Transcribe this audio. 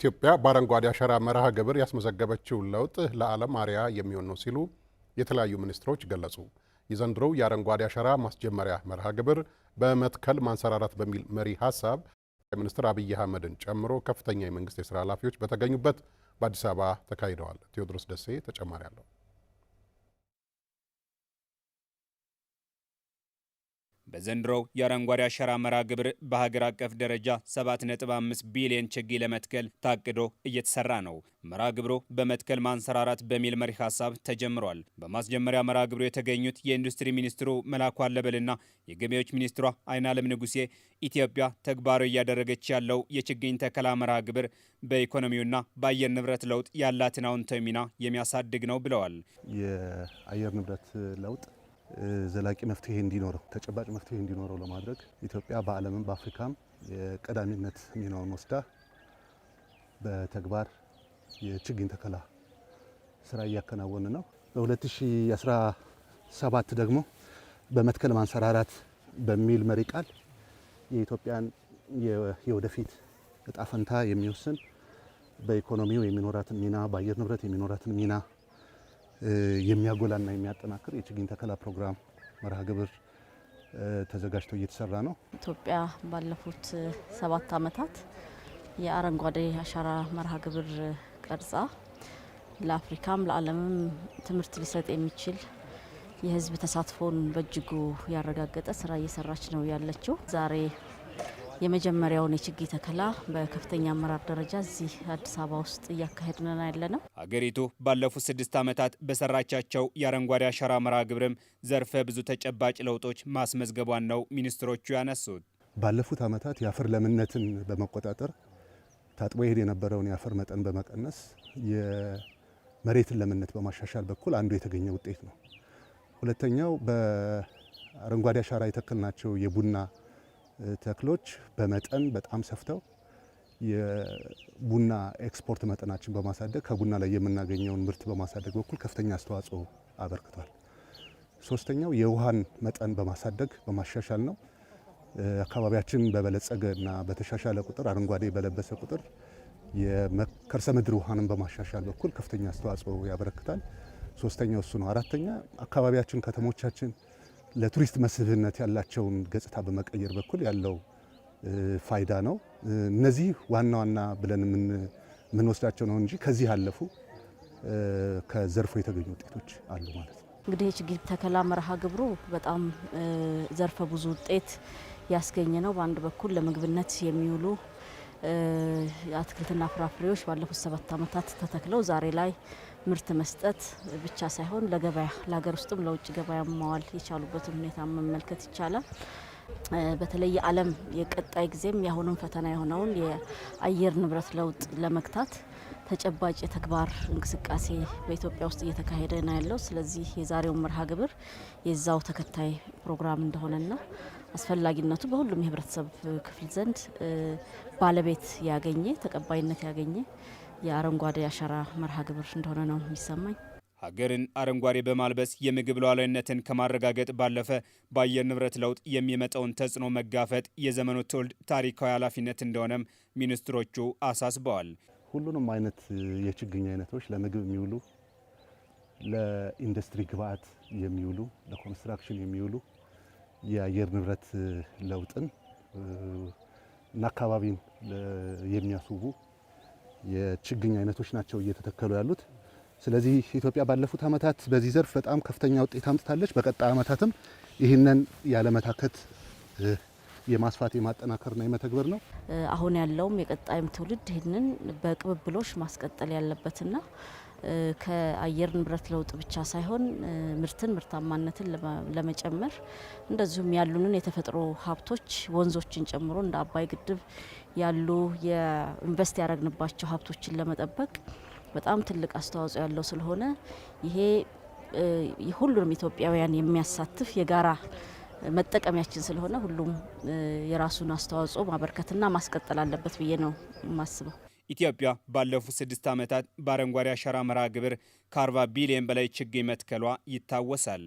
ኢትዮጵያ በአረንጓዴ አሻራ መርሃ ግብር ያስመዘገበችው ለውጥ ለዓለም አርያ የሚሆን ነው ሲሉ የተለያዩ ሚኒስትሮች ገለጹ። የዘንድሮው የአረንጓዴ አሻራ ማስጀመሪያ መርሃ ግብር በመትከል ማንሰራራት በሚል መሪ ሀሳብ ጠቅላይ ሚኒስትር አብይ አህመድን ጨምሮ ከፍተኛ የመንግስት የስራ ኃላፊዎች በተገኙበት በአዲስ አበባ ተካሂደዋል። ቴዎድሮስ ደሴ ተጨማሪ አለው። በዘንድሮው የአረንጓዴ አሻራ መርሃ ግብር በሀገር አቀፍ ደረጃ 7.5 ቢሊዮን ችግኝ ለመትከል ታቅዶ እየተሰራ ነው። መርሃ ግብሩ በመትከል ማንሰራራት በሚል መሪ ሀሳብ ተጀምሯል። በማስጀመሪያ መርሃ ግብሩ የተገኙት የኢንዱስትሪ ሚኒስትሩ መላኩ አለበልና የገቢዎች ሚኒስትሯ አይናለም ንጉሴ ኢትዮጵያ ተግባራዊ እያደረገች ያለው የችግኝ ተከላ መርሃ ግብር በኢኮኖሚውና በአየር ንብረት ለውጥ ያላትን አዎንታዊ ሚና የሚያሳድግ ነው ብለዋል። የአየር ንብረት ለውጥ ዘላቂ መፍትሄ እንዲኖረው ተጨባጭ መፍትሄ እንዲኖረው ለማድረግ ኢትዮጵያ በዓለምም በአፍሪካም የቀዳሚነት ሚናውን ወስዳ በተግባር የችግኝ ተከላ ስራ እያከናወነ ነው። በ2017 ደግሞ በመትከል ማንሰራራት በሚል መሪ ቃል የኢትዮጵያን የወደፊት እጣ ፈንታ የሚወስን በኢኮኖሚው የሚኖራትን ሚና፣ በአየር ንብረት የሚኖራትን ሚና የሚያጎላና የሚያጠናክር የችግኝ ተከላ ፕሮግራም መርሃ ግብር ተዘጋጅቶ እየተሰራ ነው። ኢትዮጵያ ባለፉት ሰባት ዓመታት የአረንጓዴ አሻራ መርሃ ግብር ቀርጻ ለአፍሪካም ለዓለምም ትምህርት ሊሰጥ የሚችል የህዝብ ተሳትፎን በእጅጉ ያረጋገጠ ስራ እየሰራች ነው ያለችው ዛሬ የመጀመሪያውን የችግኝ ተከላ በከፍተኛ አመራር ደረጃ እዚህ አዲስ አበባ ውስጥ እያካሄድን ያለ ነው። አገሪቱ ባለፉት ስድስት ዓመታት በሰራቻቸው የአረንጓዴ አሻራ መርሃ ግብርም ዘርፈ ብዙ ተጨባጭ ለውጦች ማስመዝገቧን ነው ሚኒስትሮቹ ያነሱት። ባለፉት ዓመታት የአፈር ለምነትን በመቆጣጠር ታጥቦ ይሄድ የነበረውን የአፈር መጠን በመቀነስ የመሬትን ለምነት በማሻሻል በኩል አንዱ የተገኘ ውጤት ነው። ሁለተኛው በአረንጓዴ አሻራ የተከልናቸው የቡና ተክሎች በመጠን በጣም ሰፍተው የቡና ኤክስፖርት መጠናችን በማሳደግ ከቡና ላይ የምናገኘውን ምርት በማሳደግ በኩል ከፍተኛ አስተዋጽኦ አበርክቷል። ሶስተኛው የውሃን መጠን በማሳደግ በማሻሻል ነው። አካባቢያችን በበለጸገ እና በተሻሻለ ቁጥር አረንጓዴ በለበሰ ቁጥር የከርሰ ምድር ውሃንን በማሻሻል በኩል ከፍተኛ አስተዋጽኦ ያበረክታል። ሶስተኛው እሱ ነው። አራተኛ አካባቢያችን ከተሞቻችን ለቱሪስት መስህብነት ያላቸውን ገጽታ በመቀየር በኩል ያለው ፋይዳ ነው። እነዚህ ዋና ዋና ብለን የምንወስዳቸው ነው እንጂ ከዚህ ያለፉ ከዘርፎ የተገኙ ውጤቶች አሉ ማለት ነው። እንግዲህ የችግኝ ተከላ መርሃ ግብሩ በጣም ዘርፈ ብዙ ውጤት ያስገኘ ነው። በአንድ በኩል ለምግብነት የሚውሉ አትክልትና ፍራፍሬዎች ባለፉት ሰባት ዓመታት ተተክለው ዛሬ ላይ ምርት መስጠት ብቻ ሳይሆን ለገበያ ለሀገር ውስጥም ለውጭ ገበያ መዋል የቻሉበትን ሁኔታ መመልከት ይቻላል። በተለይ የዓለም የቀጣይ ጊዜም የአሁኑም ፈተና የሆነውን የአየር ንብረት ለውጥ ለመግታት ተጨባጭ የተግባር እንቅስቃሴ በኢትዮጵያ ውስጥ እየተካሄደ ነው ያለው። ስለዚህ የዛሬው መርሃ ግብር የዛው ተከታይ ፕሮግራም እንደሆነና አስፈላጊነቱ በሁሉም የህብረተሰብ ክፍል ዘንድ ባለቤት ያገኘ ተቀባይነት ያገኘ የአረንጓዴ አሻራ መርሃ ግብር እንደሆነ ነው የሚሰማኝ። ሀገርን አረንጓዴ በማልበስ የምግብ ሉዓላዊነትን ከማረጋገጥ ባለፈ በአየር ንብረት ለውጥ የሚመጣውን ተጽዕኖ መጋፈጥ የዘመኑ ትውልድ ታሪካዊ ኃላፊነት እንደሆነም ሚኒስትሮቹ አሳስበዋል። ሁሉንም አይነት የችግኝ አይነቶች ለምግብ የሚውሉ ለኢንዱስትሪ ግብዓት የሚውሉ ለኮንስትራክሽን የሚውሉ የአየር ንብረት ለውጥን እና አካባቢን የሚያስውቡ የችግኝ አይነቶች ናቸው እየተተከሉ ያሉት። ስለዚህ ኢትዮጵያ ባለፉት ዓመታት በዚህ ዘርፍ በጣም ከፍተኛ ውጤት አምጥታለች። በቀጣይ ዓመታትም ይህንን ያለመታከት የማስፋት የማጠናከርና የመተግበር ነው። አሁን ያለውም የቀጣይም ትውልድ ይህንን በቅብብሎሽ ማስቀጠል ያለበትና ከአየር ንብረት ለውጥ ብቻ ሳይሆን ምርትን ምርታማነትን ለመጨመር እንደዚሁም ያሉንን የተፈጥሮ ሀብቶች ወንዞችን ጨምሮ እንደ አባይ ግድብ ያሉ የኢንቨስት ያደረግንባቸው ሀብቶችን ለመጠበቅ በጣም ትልቅ አስተዋጽኦ ያለው ስለሆነ ይሄ ሁሉንም ኢትዮጵያውያን የሚያሳትፍ የጋራ መጠቀሚያችን ስለሆነ ሁሉም የራሱን አስተዋጽኦ ማበርከትና ማስቀጠል አለበት ብዬ ነው የማስበው። ኢትዮጵያ ባለፉት ስድስት ዓመታት በአረንጓዴ አሻራ መርሃ ግብር ከ40 ቢሊዮን በላይ ችግኝ መትከሏ ይታወሳል።